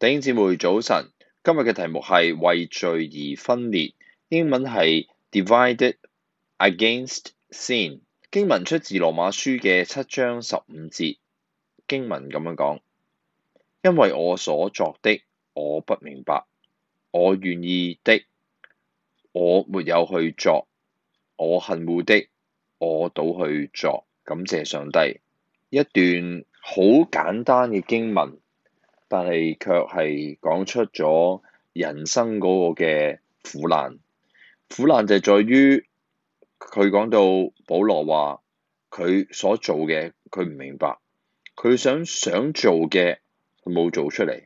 弟兄姊妹早晨，今日嘅題目係為罪而分裂，英文係 Divided against sin。經文出自羅馬書嘅七章十五節，經文咁樣講：因為我所作的我不明白，我願意的我沒有去作，我恨惡的我倒去作，感謝上帝。一段好簡單嘅經文。但係，卻係講出咗人生嗰個嘅苦難。苦難就係在於佢講到保羅話，佢所做嘅佢唔明白，佢想想做嘅佢冇做出嚟。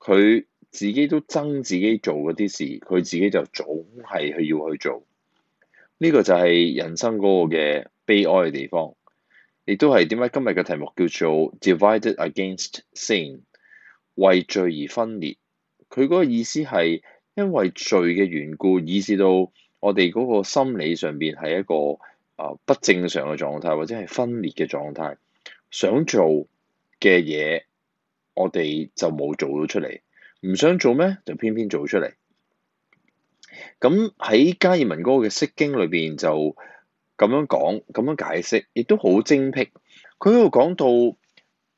佢自己都憎自己做嗰啲事，佢自己就總係去要去做。呢、這個就係人生嗰個嘅悲哀嘅地方。亦都係點解今日嘅題目叫做 Divided Against Sin。為罪而分裂，佢嗰個意思係因為罪嘅緣故，以致到我哋嗰個心理上邊係一個啊不正常嘅狀態，或者係分裂嘅狀態，想做嘅嘢，我哋就冇做到出嚟，唔想做咩，就偏偏做出嚟。咁喺加爾文嗰個嘅《釋經》裏邊就咁樣講，咁樣解釋，亦都好精闢。佢嗰度講到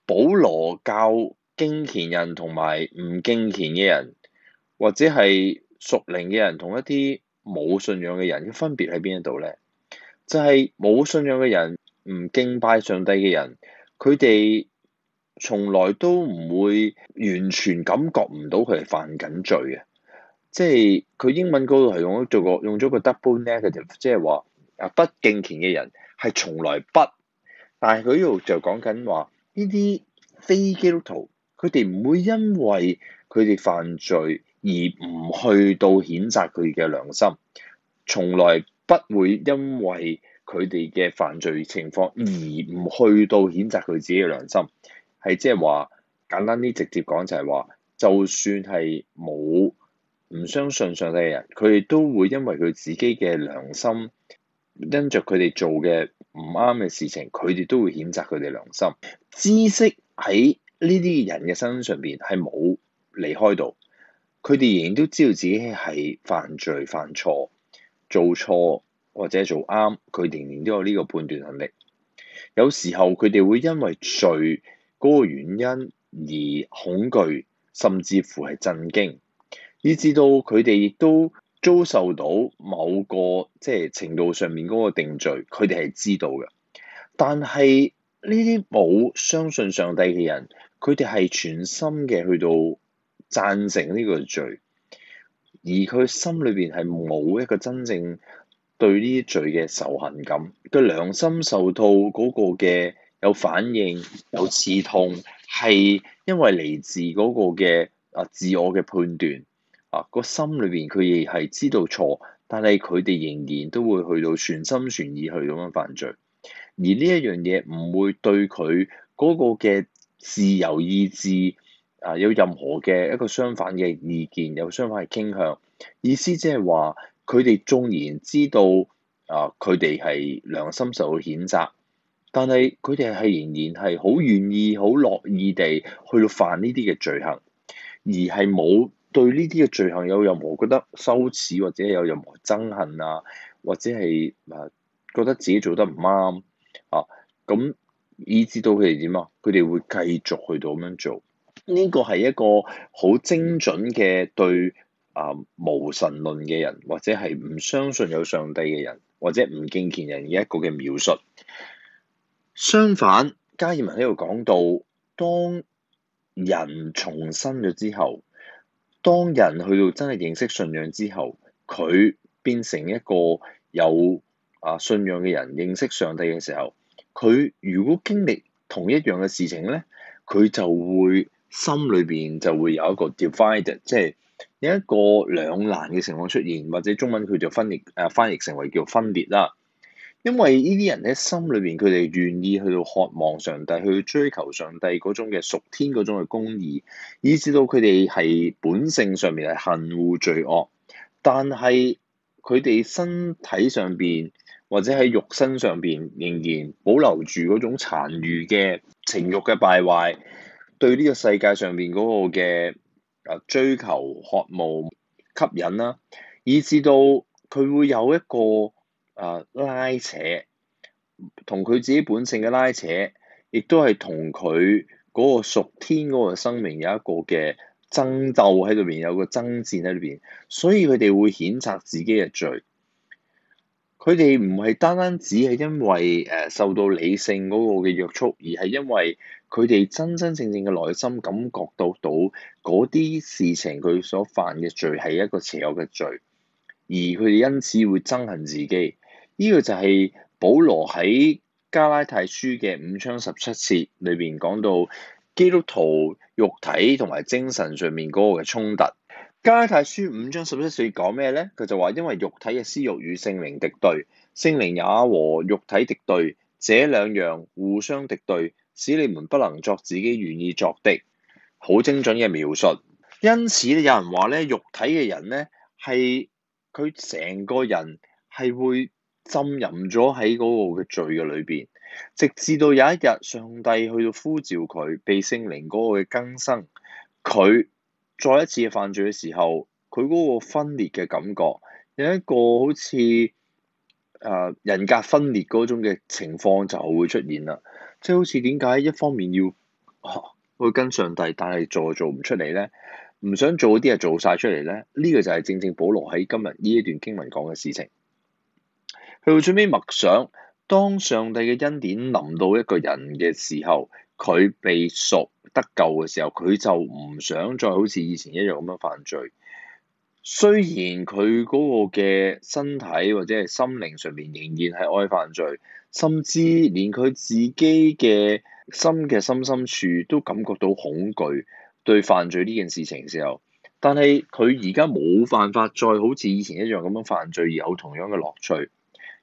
保羅教。敬虔人同埋唔敬虔嘅人，或者係屬靈嘅人同一啲冇信仰嘅人嘅分別喺邊一度咧？就係、是、冇信仰嘅人、唔敬拜上帝嘅人，佢哋從來都唔會完全感覺唔到佢係犯緊罪嘅。即係佢英文嗰度係用咗做個用咗個 double negative，即係話啊，不敬虔嘅人係從來不，但係佢呢度就講緊話呢啲非基督徒。佢哋唔會因為佢哋犯罪而唔去到譴責佢嘅良心。從來不會因為佢哋嘅犯罪情況而唔去到譴責佢自己嘅良心，係即係話簡單啲、直接講就係話，就算係冇唔相信上帝嘅人，佢哋都會因為佢自己嘅良心，因著佢哋做嘅唔啱嘅事情，佢哋都會譴責佢哋良心。知識喺呢啲人嘅身上邊係冇離開到，佢哋仍然都知道自己係犯罪，犯錯、做錯或者做啱，佢仍然都有呢個判斷能力。有時候佢哋會因為罪嗰個原因而恐懼，甚至乎係震驚，以至到佢哋亦都遭受到某個即係程度上面嗰個定罪，佢哋係知道嘅。但係呢啲冇相信上帝嘅人。佢哋係全心嘅去到贊成呢個罪，而佢心裏邊係冇一個真正對呢啲罪嘅仇恨感，個良心受套嗰個嘅有反應，有刺痛，係因為嚟自嗰個嘅啊自我嘅判斷啊、個心裏邊佢亦係知道錯，但係佢哋仍然都會去到全心全意去咁樣犯罪，而呢一樣嘢唔會對佢嗰個嘅，自由意志啊，有任何嘅一個相反嘅意見，有相反嘅傾向，意思即係話佢哋縱然知道啊，佢哋係良心受到譴責，但係佢哋係仍然係好願意、好樂意地去犯呢啲嘅罪行，而係冇對呢啲嘅罪行有任何覺得羞恥或者有任何憎恨啊，或者係啊覺得自己做得唔啱啊，咁。以致到佢哋點啊？佢哋會繼續去到咁樣做。呢個係一個好精準嘅對啊無神論嘅人，或者係唔相信有上帝嘅人，或者唔敬虔人嘅一個嘅描述。相反，加爾文喺度講到，當人重生咗之後，當人去到真係認識信仰之後，佢變成一個有啊信仰嘅人，認識上帝嘅時候。佢如果經歷同一樣嘅事情咧，佢就會心裏邊就會有一個 divided 即係有一個兩難嘅情況出現，或者中文佢就分裂誒、啊、翻譯成為叫分裂啦。因為呢啲人咧心裏邊佢哋願意去到渴望上帝，去追求上帝嗰種嘅屬天嗰種嘅公義，以至到佢哋係本性上面係恨惡罪惡，但係佢哋身體上邊。或者喺肉身上邊仍然保留住嗰種殘餘嘅情欲嘅敗壞，對呢個世界上邊嗰個嘅誒追求、渴慕、吸引啦，以至到佢會有一個誒拉扯，同佢自己本性嘅拉扯，亦都係同佢嗰個屬天嗰個生命有一個嘅爭鬥喺度邊有個爭戰喺裏邊，所以佢哋會譴責自己嘅罪。佢哋唔係單單只係因為誒受到理性嗰個嘅約束，而係因為佢哋真真正正嘅內心感覺到到嗰啲事情，佢所犯嘅罪係一個邪惡嘅罪，而佢哋因此會憎恨自己。呢個就係保羅喺加拉太書嘅五章十七節裏邊講到，基督徒肉體同埋精神上面嗰個嘅衝突。《加拉太書》五章十一四講咩呢？佢就話：因為肉體嘅私欲與聖靈敵對，聖靈也和肉體敵對，這兩樣互相敵對，使你們不能作自己願意作的。好精準嘅描述。因此有人話咧，肉體嘅人呢，係佢成個人係會浸淫咗喺嗰個嘅罪嘅裏邊，直至到有一日上帝去到呼召佢被聖靈嗰個嘅更新，佢。再一次嘅犯罪嘅時候，佢嗰個分裂嘅感覺，有一個好似，誒、呃、人格分裂嗰種嘅情況就會出現啦，即係好似點解一方面要，哦、啊，會跟上帝，但係做做唔出嚟咧，唔想做啲嘢做晒出嚟咧，呢、這個就係正正保羅喺今日呢一段經文講嘅事情，佢到最尾默想。當上帝嘅恩典臨到一個人嘅時候，佢被贖得救嘅時候，佢就唔想再好似以前一樣咁樣犯罪。雖然佢嗰個嘅身體或者係心靈上面仍然係愛犯罪，甚至連佢自己嘅心嘅深深處都感覺到恐懼對犯罪呢件事情嘅時候，但係佢而家冇辦法再好似以前一樣咁樣犯罪有同樣嘅樂趣。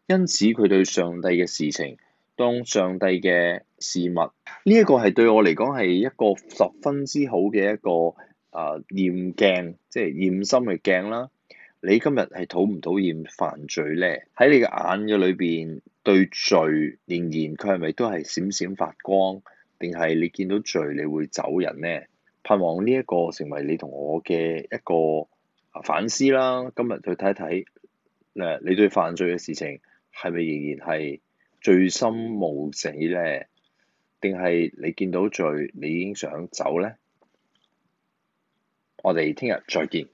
因此佢對上帝嘅事情，當上帝嘅事物，呢一個係對我嚟講係一個十分之好嘅一個啊、呃、驗鏡，即係驗心嘅鏡啦。你今日係討唔討厭犯罪咧？喺你嘅眼嘅裏邊，對罪仍然佢係咪都係閃閃發光？定係你見到罪，你會走人咧？盼望呢一個成為你同我嘅一個反思啦。今日去睇睇，誒，你對犯罪嘅事情。係咪仍然係醉生夢死咧？定係你見到罪，你已經想走咧？我哋聽日再見。